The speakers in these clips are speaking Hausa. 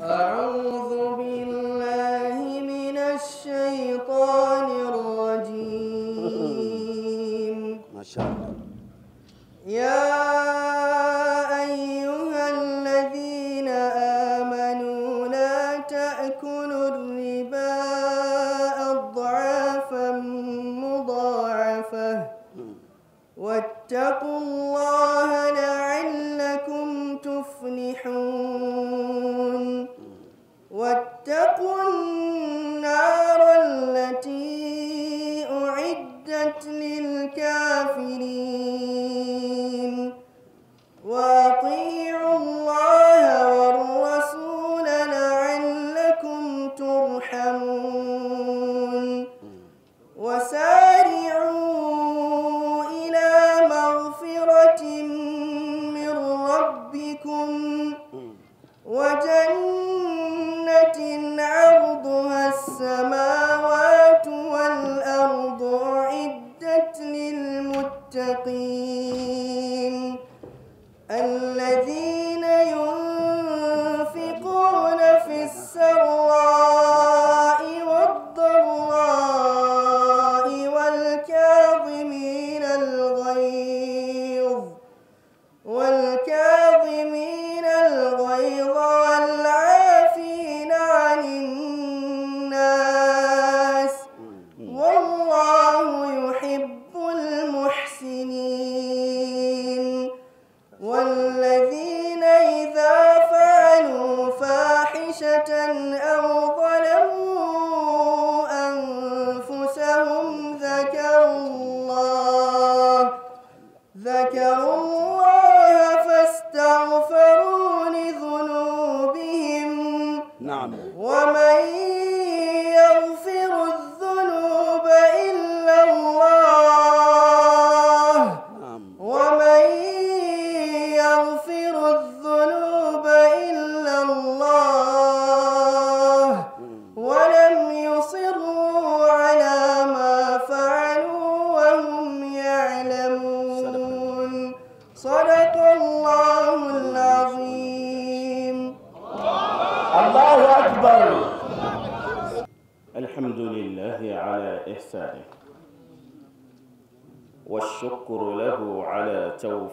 أعوذ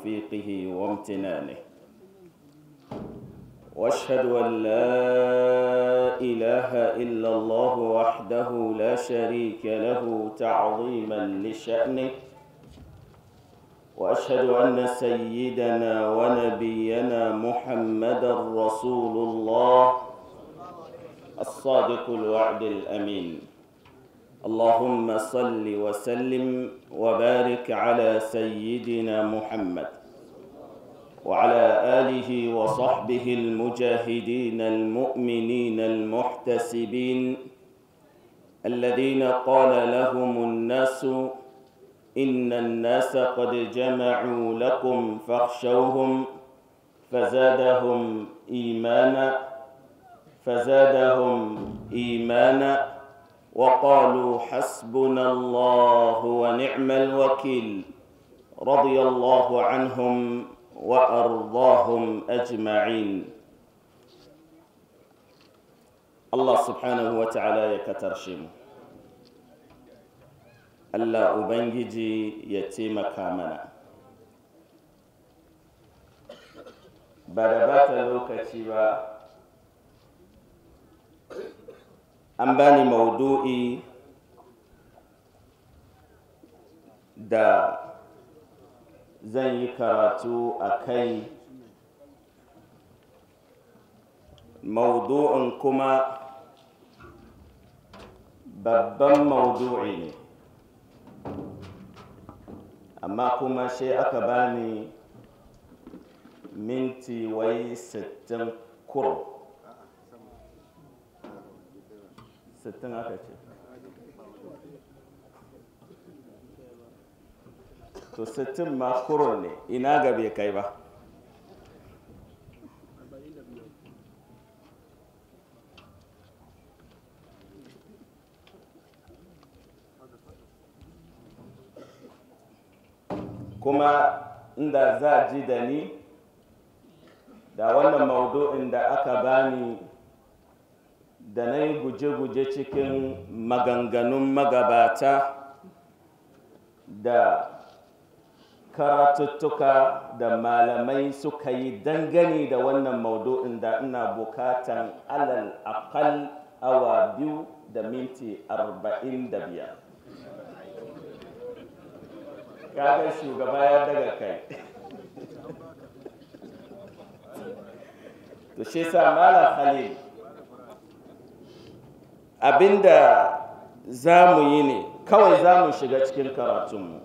توفيقه وامتنانه واشهد ان لا اله الا الله وحده لا شريك له تعظيما لشانه واشهد ان سيدنا ونبينا محمدا رسول الله الصادق الوعد الامين اللهم صل وسلم وبارك على سيدنا محمد وعلى آله وصحبه المجاهدين المؤمنين المحتسبين الذين قال لهم الناس إن الناس قد جمعوا لكم فاخشوهم فزادهم إيمانا فزادهم إيمانا وقالوا حسبنا الله ونعم الوكيل رضي الله عنهم وارضاهم اجمعين الله سبحانه وتعالى يكترشم الا ابنجي يتيم كامنا بعد بات الوكتي an bani maudu'i da zan yi karatu a kai maudu'in kuma babban maudu'i ne amma kuma shi aka bani minti wai sittin kuro 60 aka to 60 ma kuro ne ina ga bai kai ba kuma inda za ji da ni da wannan maudu'in da aka bani da na yi guje-guje cikin maganganun magabata da karatuttuka da malamai suka yi dangane da wannan maudu'in da ina bukatan alal akal awa biyu da minti arba'in da biyar kaga shugaba ya daga kai to shi sa malam khalil abinda za mu yi ne kawai za mu shiga cikin karatunmu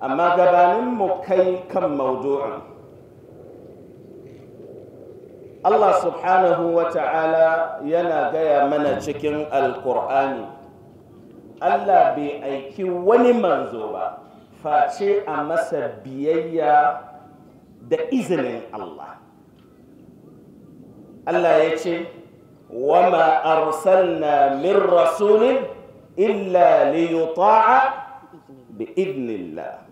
amma gabanin mu kai kan maudu'in Allah subhanahu wa ta'ala yana gaya mana cikin alkur'ani Allah bai aiki wani manzo ba face a masa biyayya da izinin Allah Allah ya ce wama arsalna min rasulin illa liyuta'a bi idnillah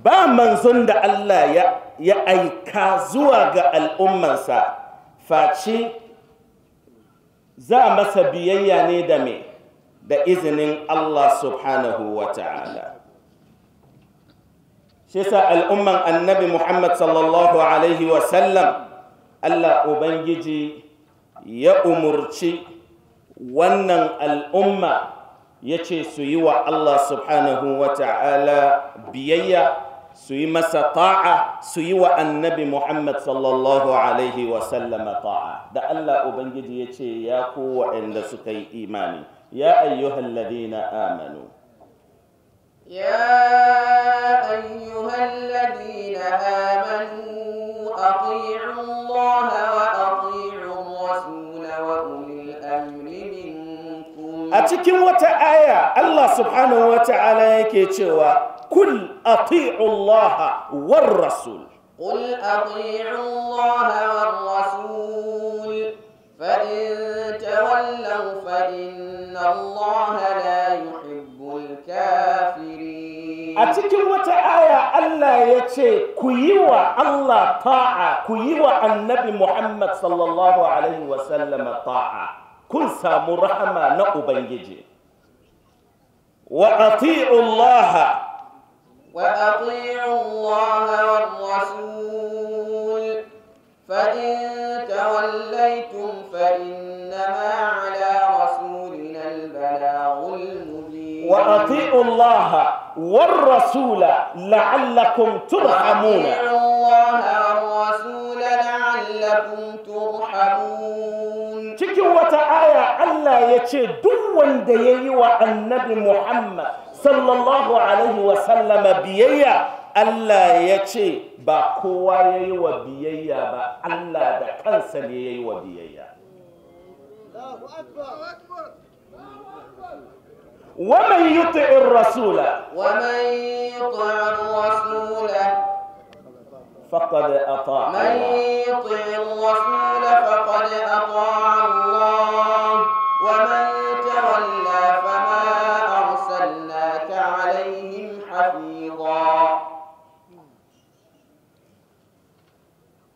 ba manzon da Allah ya, ya aika zuwa ga al'ummansa faci za masa biyayya ne da me da izinin Allah subhanahu wa ta'ala shi sa al'umman annabi Muhammad sallallahu alaihi wasallam Allah Ubangiji ya umurci wannan al'umma ya ce su yi wa Allah subhanahu wa ta'ala biyayya su yi masa ta'a su yi wa annabi Muhammad sallallahu alaihi wasallama ta'a da Allah Ubangiji ya ce ya ku waɗanda suka yi imani ya ayyuhal ladina amanu يا أيها الذين آمنوا أطيعوا الله أتكم وتعايا الله سبحانه وتعالى subhanahu wa قل yake الله والرسول قل أطيعوا الله والرسول فإن تولوا فإن الله لا يحب الكافرين أتكم وتعايا ألا آية. يتشي كيوا الله طاعة كيوا النبي محمد صلى الله عليه وسلم طاعة كن سامو رحمة نأبنجي وأطيعوا الله وأطيعوا الله والرسول فإن توليتم فإنما على رسولنا البلاغ المبين وأطيعوا الله والرسول لعلكم ترحمون وأطيعوا الله والرسول لعلكم ترحمون Allah ya ce duk wanda ya yi wa annabi Muhammad sallallahu Alaihi wasallama biyayya Allah ya ce ba kowa ya yi wa biyayya ba Allah da kansa ne ya yi wa biyayya. ومن يطع الرسول ومن يطع الرسول فقد أطاع من يطع الرسول فقد أطاع الله ومن تولى فما أرسلناك عليهم حفيظا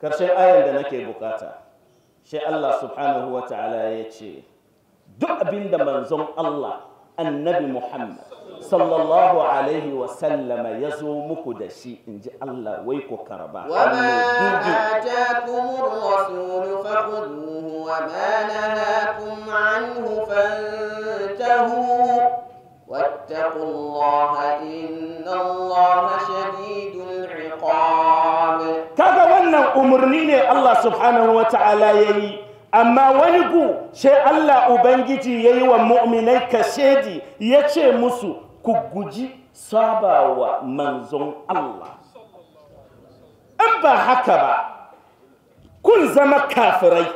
كرشي آية لنك بكاتا شيء الله سبحانه وتعالى يتشي دعبين دمان زم الله النبي محمد sallallahu alaihi wa sallama ya zo muku da shi in ji Allah wai ku karba wa ma atakumur rasul faquduhu wa ma nahakum anhu fantahu wattaqullaha innallaha shadidul iqab kaga wannan umarni ne Allah subhanahu wa ta'ala yayi amma wani ku sai Allah Ubangiji ya yi wa mu'minai kashedi ya ce musu ku guji sabawa manzon Allah in ba haka ba kun zama kafirai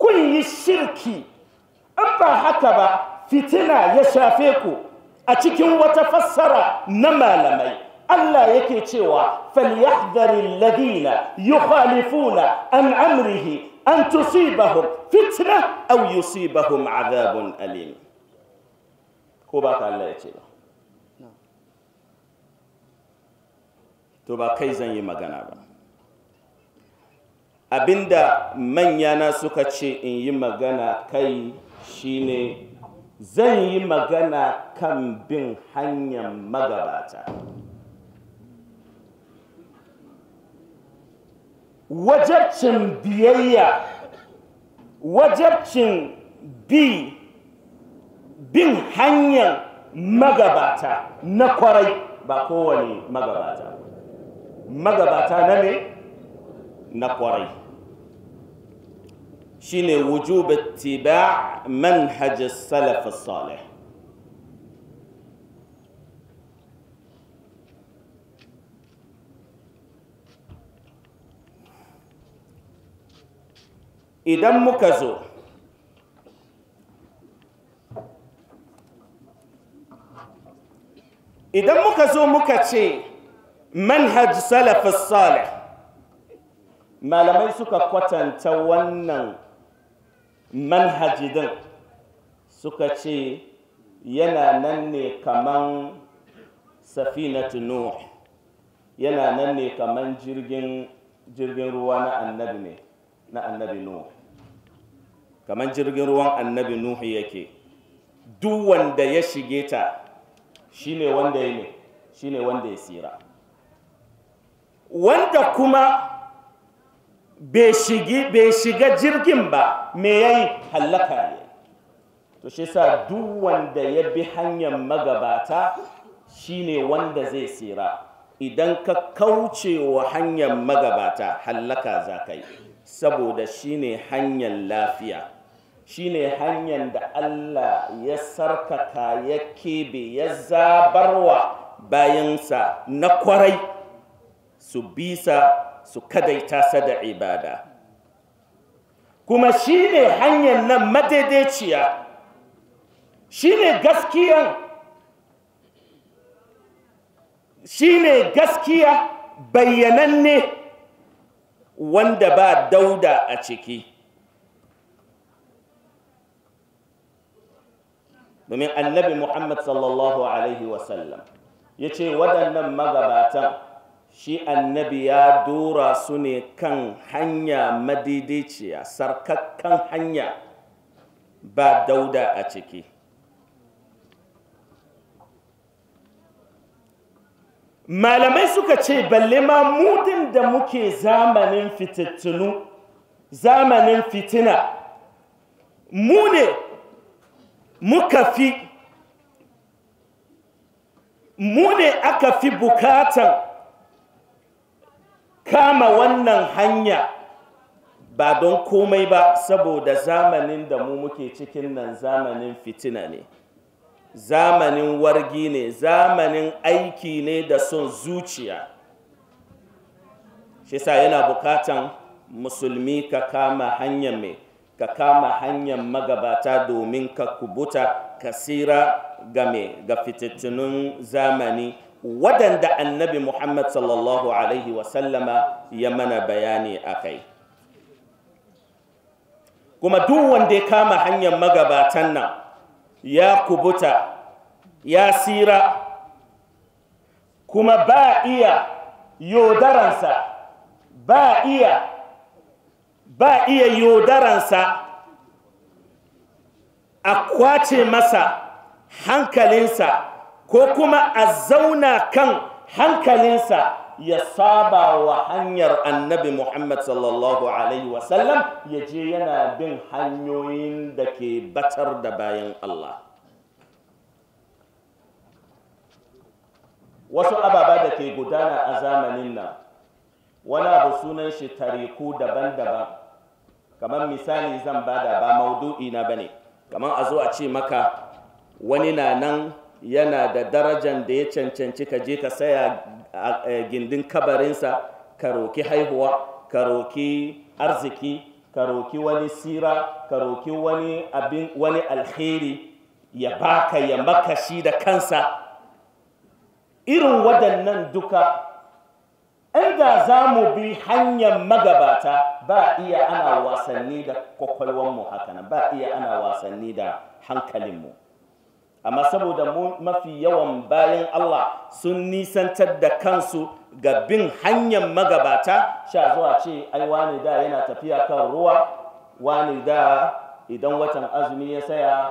kun yi shirki in ba haka ba fitina ya shafe ku a cikin wata fassara na malamai Allah yake cewa falyahdharil ladina yukhalifuna an amrihi an tusibahum fitna aw yusibahum adhabun alim ko ba ka Allah ya ce ba to ba kai zan yi magana ba abinda manyana suka ce in yi magana kai shine zan yi magana kan bin hanyar magabata wajabcin biyayya wajabcin bi bin hanyar magabata na kwarai ba kowane magabata magabata na ne na kwarai shine wujub ittiba manhaj as-salaf as-salih idan muka zo idan muka zo muka ce manhaj salafis salih malamai suka kwatanta wannan manhaji din suka ce yana nan ne kaman safinatu nuh yana nan ne kaman jirgin jirgin ruwa na annabi ne na annabi nuh kaman jirgin ruwan annabi nuh yake duk wanda ya shige ta shine wanda ya ne shine wanda ya tsira wanda kuma bai shiga jirgin ba me yayi hallaka ne to shi sa duk wanda ya bi hanyar magabata shine wanda zai tsira idan ka kauce wa hanyar magabata hallaka za ka yi saboda shine hanyar lafiya shine hanyar da Allah ya sarkaka ya kebe ya zabarwa bayansa na kwarai su bisa su kadaita sa da ibada kuma shine hanyar nan madaidaiciya shine Shi shine gaskiya bayyananne wanda ba dauda a ciki domin annabi muhammad sallallahu alaihi wasallam ya ce waɗannan magabatan shi annabi ya dora su ne kan hanya madidiciya sarkakkan hanya ba dauda a ciki malamai suka ce balle ma mudin da muke zamanin fitattunu zamanin fitina mune. muka fi mu ne aka fi bukatan kama wannan hanya ba don komai ba saboda zamanin da mu muke cikin nan zamanin fitina ne zamanin wargi ne zamanin aiki ne da son zuciya shi yana bukatan musulmi ka kama hanyar mai ka kama hanyar magabata domin ka kubuta kasira game ga fitattunan zamani waɗanda annabi muhammad sallallahu alaihi wasallama ya mana bayani a kai kuma duk wanda ya kama hanyar magabatan nan ya kubuta ya sira kuma ba iya yodaransa ba iya ba iya yodaransa a kwace masa hankalinsa ko kuma a zauna kan hankalinsa ya saba wa hanyar annabi Muhammad sallallahu Alaihi wasallam ya je yana bin hanyoyin da ke batar da bayan Allah. Wasu ababa da ke gudana a zamanin nan, wani abu sunan shi tariku daban-daban. kamar misali zan bada ba maudu'i na bane kamar a zo a ce maka wani na nan yana da darajan da ya cancanci ka je ka saya eh, gindin kabarinsa ka roki haihuwa ka roki arziki ka roki wani sira ka roki wani wani alheri ya baka ya maka shi da kansa irin waɗannan duka da za mu bi hanyar magabata ba iya ana wasanni da kwakwalwanmu nan ba iya ana wasanni da hankalinmu amma saboda mafi yawan bayan Allah sun nisantar da kansu ga bin hanyar magabata sha zuwa ce ai wani da yana tafiya kan ruwa wani da idan watan azumi ya saya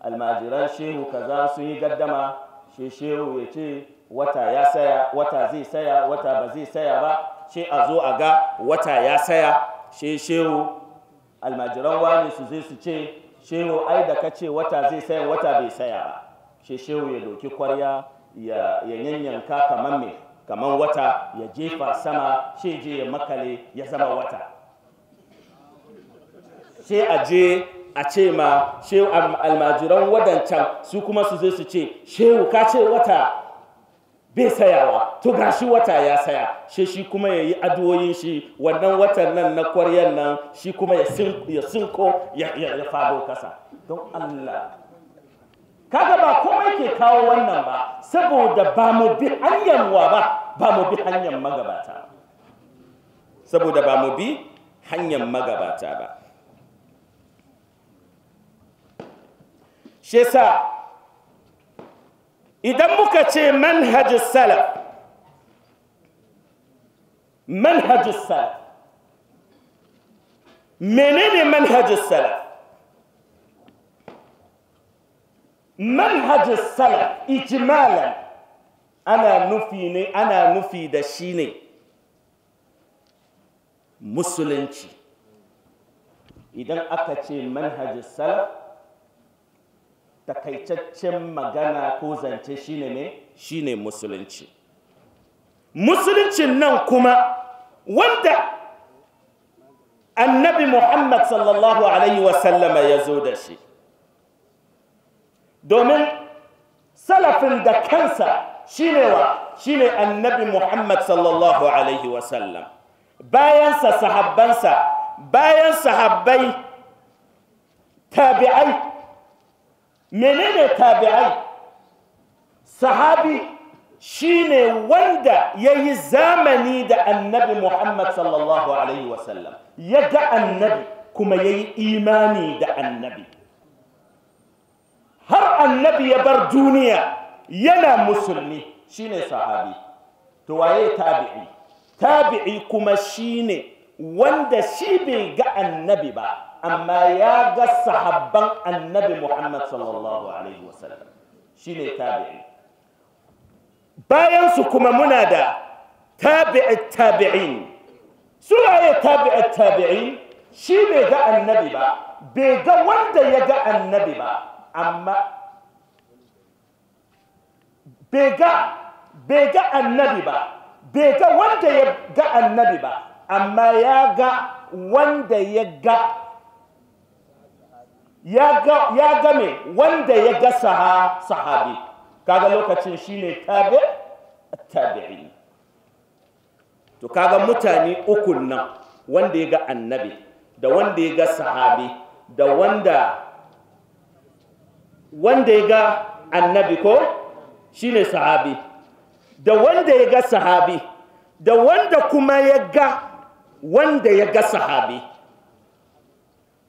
almajiran shehu kaza sun yi gaddama shi shehu ya ce wata ya saya wata zai saya wata ba zai saya ba she a zo a ga wata ya saya shi shehu almajiran wani su zai su ce shehu ai da ka ce wata zai saya wata bai saya ba shi shehu ya doki kwarya ya yanyanka kamar me kamar wata ya jefa sama shi je ya makale ya zama wata shi a je a ce ma shehu almajiran wadancan su kuma su zai su ce shehu ka ce wata bai sayawa to gashi wata ya saya shi shi kuma ya yi adoyin shi wannan watan nan na kwaryan nan shi kuma ya sinko ya fado kasa don Allah kaga ba komai ke kawo wannan ba saboda ba mu bi hanyar wa ba ba mu bi hanyar magabata saboda ba mu bi hanyar magabata ba shesa idan muka ce manhajus salaf manhajus salaf menene manhajus salaf manhajus salaf ijmalan ana nufi ne ana nufi da shi ne musulunci idan aka ce manhajus salaf takaitaccen magana ko zance shi ne ne shi ne musulunci musuluncin nan kuma wanda annabi muhammad sallallahu alaihi wasallama ya zo da shi domin salafin da kansa shine wa shine annabi muhammad sallallahu alaihi wasallam bayansa sahabbansa bayan sahabbai tabi'ai menene tabi'ai sahabi shine wanda ya yi zamani da annabi muhammad sallallahu alaihi wasallam ya ga annabi kuma ya yi imani da annabi har annabi ya bar duniya yana musulmi shine sahabi to waye tabi'i tabi'i kuma shine wanda shi bai ga annabi ba amma ya ga sahabban annabi Muhammad sallallahu alaihi wasallam ne tabi'i bayan su kuma muna da tabi'i tabi'in su waye tabi'i tabi'in shi bai ga annabi ba bai ga wanda ya ga annabi ba amma bai ga annabi ba bai ga wanda ya ga annabi ba amma ya ga wanda ya ga ya game wanda ya ga saha sahabi kaga lokacin shine tabi tabi'i to kaga mutane ukun nan wanda ya ga annabi da wanda ya ga sahabi da wanda wanda ya ga annabi ko shine sahabi da wanda ya ga sahabi da wanda kuma ya ga wanda ya ga sahabi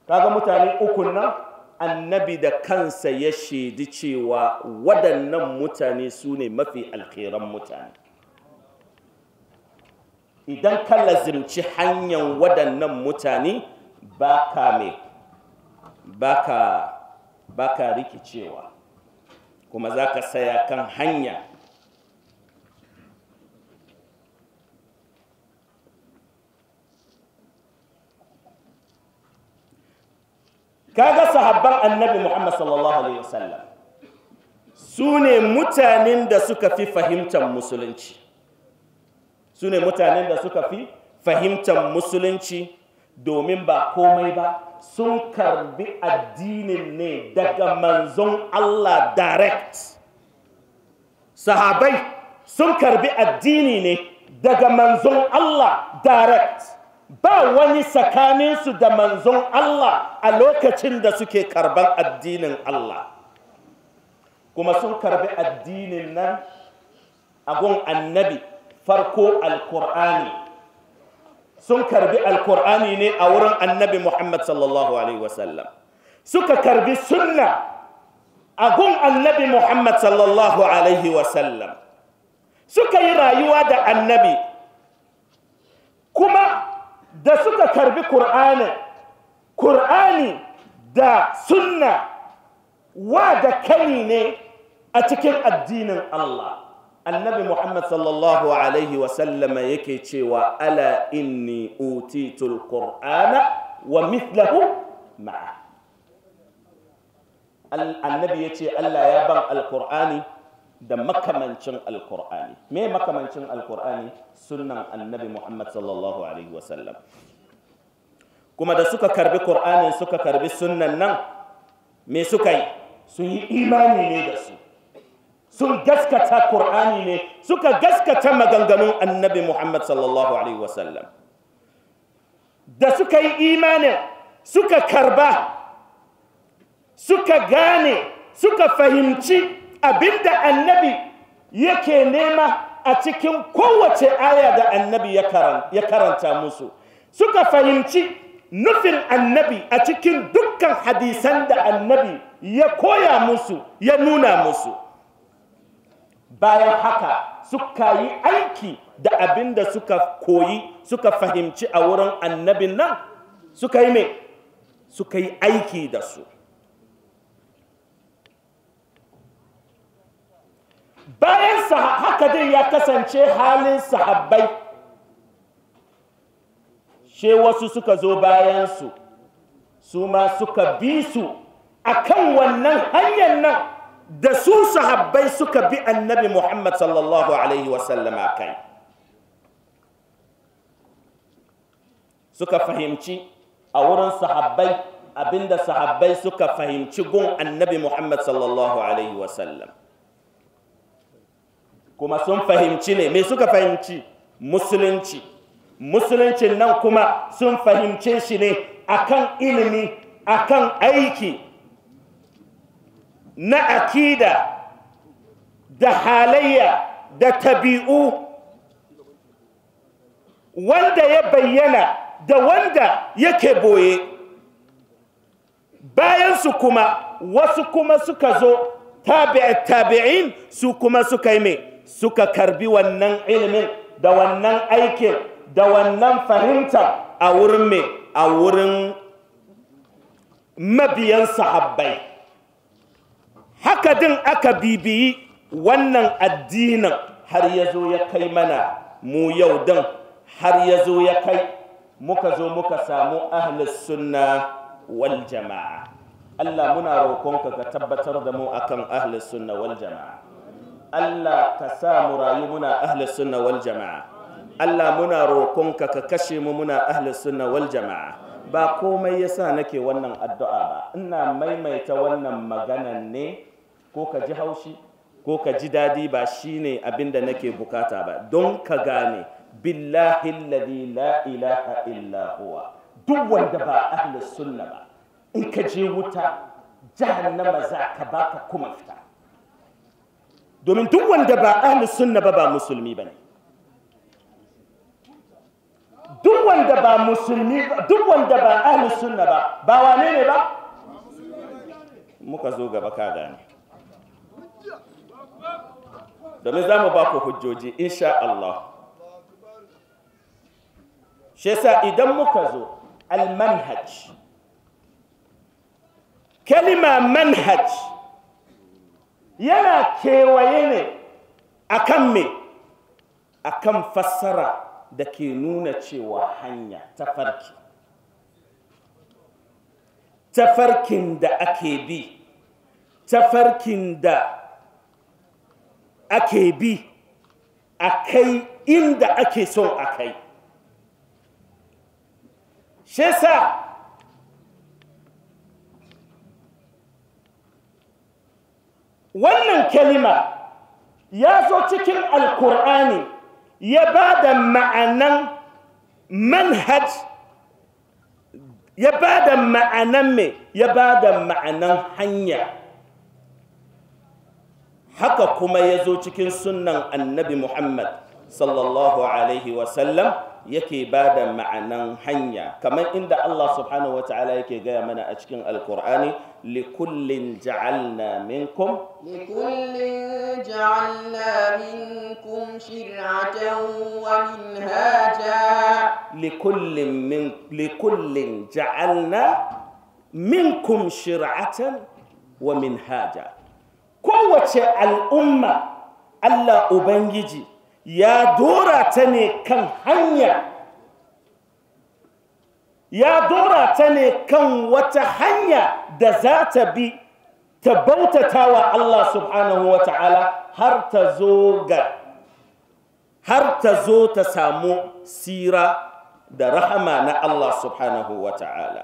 kaga mutane ukun nan annabi da kansa ya shaidi cewa waɗannan mutane su ne mafi alkhairan mutane idan ka lazimci hanyar waɗannan mutane ba ka mai ba ka rikicewa kuma za ka saya kan hanya kaga sahabban annabi Muhammad sallallahu alaihi wasallam su ne mutanen da suka fi fahimtar musulunci su ne mutanen da suka fi fahimtar musulunci domin ba komai ba sun karbi addinin ne daga manzon Allah direct sahabai sun karbi addini ne daga manzon Allah direct ba wani tsakaninsu da manzon Allah a lokacin da suke karban addinin Allah kuma sun karbi addinin nan agun annabi farko alkur'ani sun karbi alkur'ani ne a wurin annabi Muhammad sallallahu alaihi wasallam suka karbi sunna agun annabi Muhammad sallallahu alaihi wasallam suka yi rayuwa da annabi kuma da suka karbi Kur'ani, Kur'ani da sunna wa da kani ne a cikin addinin Allah. Annabi Muhammad sallallahu Alaihi wasallama yake cewa ala inni utitul Kur'ana wa mithlahu ma'a. Annabi ya ce Allah ya ban Alkur'ani da makamancin alkur'ani me makamancin alkur'ani sunan annabi muhammad sallallahu alaihi wasallam kuma da suka karbi kur'anin suka karbi sunan nan me suka yi sun yi imani ne da su sun gaskata kur'ani ne suka gaskata maganganun annabi muhammad sallallahu alaihi wasallam da suka yi imanin suka karba suka gane suka fahimci abinda annabi yake nema a cikin kowace aya da annabi ya karanta musu suka fahimci nufin annabi a cikin dukkan hadisan da annabi ya koya musu ya nuna musu bayan haka suka yi aiki da abin da suka koyi suka fahimci a wurin annabin nan suka yi mai suka yi aiki da su haka ya kasance halin sahabbai she wasu suka zo bayansu su ma suka bi su akan wannan hanyar nan da su sahabbai suka bi annabi muhammad sallallahu alaihi wasallama kai suka fahimci a wurin sahabbai abinda sahabbai suka fahimci gun annabi muhammad sallallahu alaihi wasallam kuma sun fahimci ne me suka fahimci musulunci musuluncin nan kuma sun fahimce shi ne akan ilimi akan aiki na akida da halayya da tabi'u wanda ya bayyana da wanda yake boye bayan su kuma wasu kuma suka zo tabi'in su kuma suka yi mai suka karbi wannan ilimin da wannan aikin da wannan fahimta a wurin mai a wurin mabiyan sahabbai haka din aka bibiyi wannan addinin har ya zo ya kai mana mu yau din har ya zo ya kai muka zo muka samu ahlus sunna wal jama'a Allah muna roƙonka ka tabbatar da mu akan ahlus sunna wal jama'a Allah ka sa mu rayu muna ahlus sunna wal jama'a Allah muna roƙonka ka kashe mu muna ahlus sunna wal jama'a ba komai yasa nake wannan addu'a ba ina maimaita wannan maganan ne ko ka ji haushi ko ka ji dadi ba shine abin da nake bukata ba don ka gane billahi alladhi la ilaha illa huwa duk wanda ba ahlus sunna ba in ka je wuta jahannama za ka baka kuma fita domin duk wanda ba ahlus sunna ba ba musulmi bane duk wanda ba musulmi duk wanda ba ahlus sunna ba ba wane ne ba muka zo gaba ka gane domin za mu ba ku hujjoji insha Allah shi yasa idan muka zo al-manhaj kalima manhaj yana kewaye ne kan me akan fassara da ke nuna cewa hanya tafarki tafarkin da ake bi tafarkin da ake bi a kai inda ake so a kai shesa wannan kalima ya zo cikin alkur'ani ya ba da ma'anan manhaj ya ba da ma'anan me ya ba da ma'anan hanya haka kuma ya zo cikin sunan annabi muhammad sallallahu alaihi wasallam yake ba da ma'anan hanya kamar inda Allah subhanahu wa ta'ala yake gaya mana a cikin alkur'ani likullin ja'alna minkum likullin ja'alna minkum shir'atan wa minhaja likullin min likullin ja'alna minkum shir'atan wa minhaja kowace al'umma Allah ubangiji ya dora ta ne kan hanya ya dora ta ne kan wata hanya da za ta bi ta bautata wa Allah subhanahu wa ta'ala har ta zo ga har ta zo ta samu sira da rahama na Allah subhanahu wa ta'ala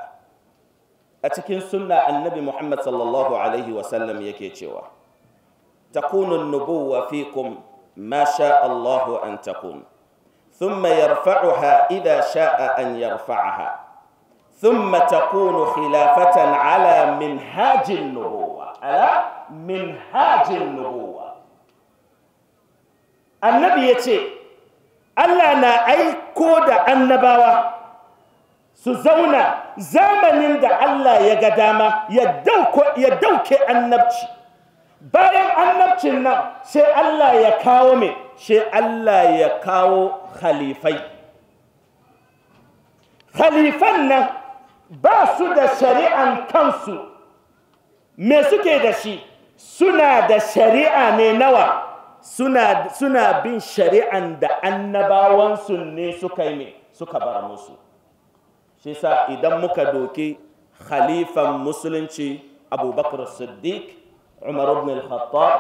a cikin sunna annabi Muhammad sallallahu alaihi wasallam yake cewa takunun nubuwa fikum ما شاء الله أن تقوم ثم يرفعها إذا شاء أن يرفعها ثم تكون خلافة على منهاج النبوة على منهاج النبوة النبي يتي ألا نا أي كود النبوة سزونا زمن عند الله يقدامه يدوك يدوك النبتي bayan annabcin nan sai Allah ya kawo mai sai Allah ya kawo khalifai khalifan nan ba su da shari'an kansu me suke da shi suna da shari'a ne nawa suna, bin shari'an da annabawansu ne suka yi suka bar musu shi sa idan muka doki khalifan musulunci abubakar siddiq عمر بن الخطاب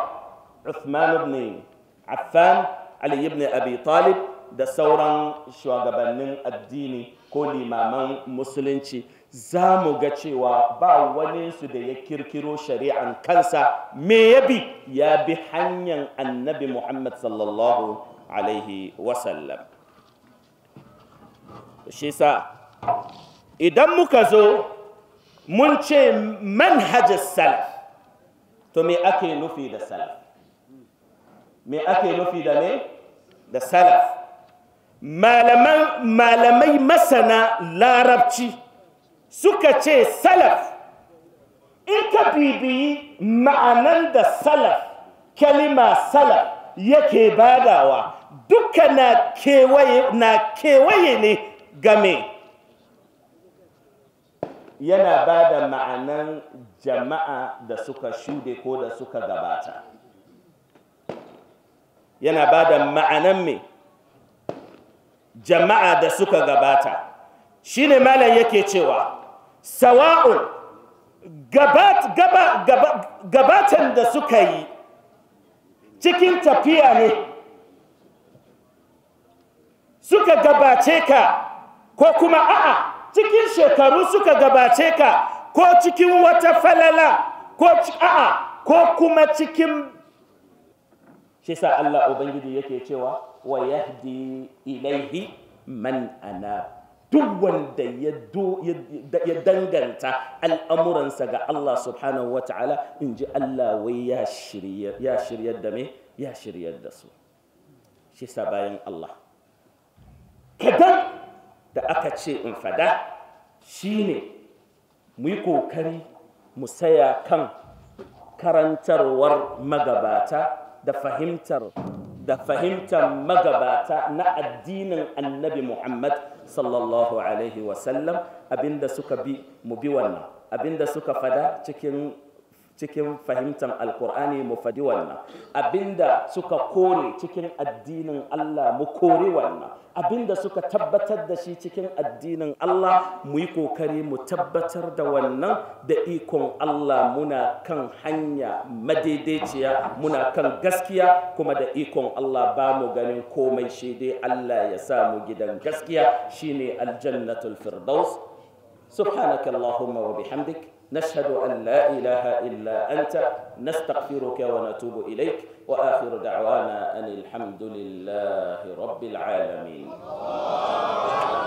Uthman ibn Affan Ali ibn Abi Talib da sauran shugabannin addini ko limaman musulunci za mu ga cewa ba wani su da ya kirkiro shari'an kansa me ya bi ya bi hanyar annabi Muhammad sallallahu alaihi wasallam shi sa idan muka zo mun ce manhajar salaf to me ake nufi da salaf me ake nufi da ne da salaf malamai masana larabci suka ce salaf in ka bibiyi ma'anan da salaf kalima salaf yake badawa duka na kewaye na kewaye ne game yana ba da ma'anan jama'a da suka shude ko da suka gabata yana ba da ma'anan me jama'a da suka gabata shine malam yake cewa sawa'un gabatan da suka yi cikin tafiya ne suka gabace ka ko kuma a'a cikin shekaru suka gabace ka ko cikin wata falala ko a'a ko kuma cikin shi sa Allah ubangiji yake cewa wa yahdi ilaihi man ana duk wanda ya danganta al'amuransa ga Allah subhanahu wa ta'ala in ji Allah wai ya shirya da me ya shirya da su shi sa bayan Allah kadan da aka ce in fada shine mu yi kokari mu saya kan karantarwar magabata da fahimtar da fahimtar magabata na addinin annabi Muhammad sallallahu Alaihi wasallam abinda suka bi mu bi wannan abinda suka fada cikin cikin fahimtar alkur'ani mu fadi wannan abinda suka kore cikin addinin Allah mu kore wannan abinda suka tabbatar da shi cikin addinin Allah mu yi kokari mu tabbatar da wannan da ikon Allah muna kan hanya madaidaiciya muna kan gaskiya kuma da ikon Allah ba mu ganin komai shi dai Allah ya sa mu gidan gaskiya shine aljannatul firdaus subhanakallahumma wa bihamdik نشهد أن لا إله إلا أنت نستغفرك ونتوب إليك وآخر دعوانا أن الحمد لله رب العالمين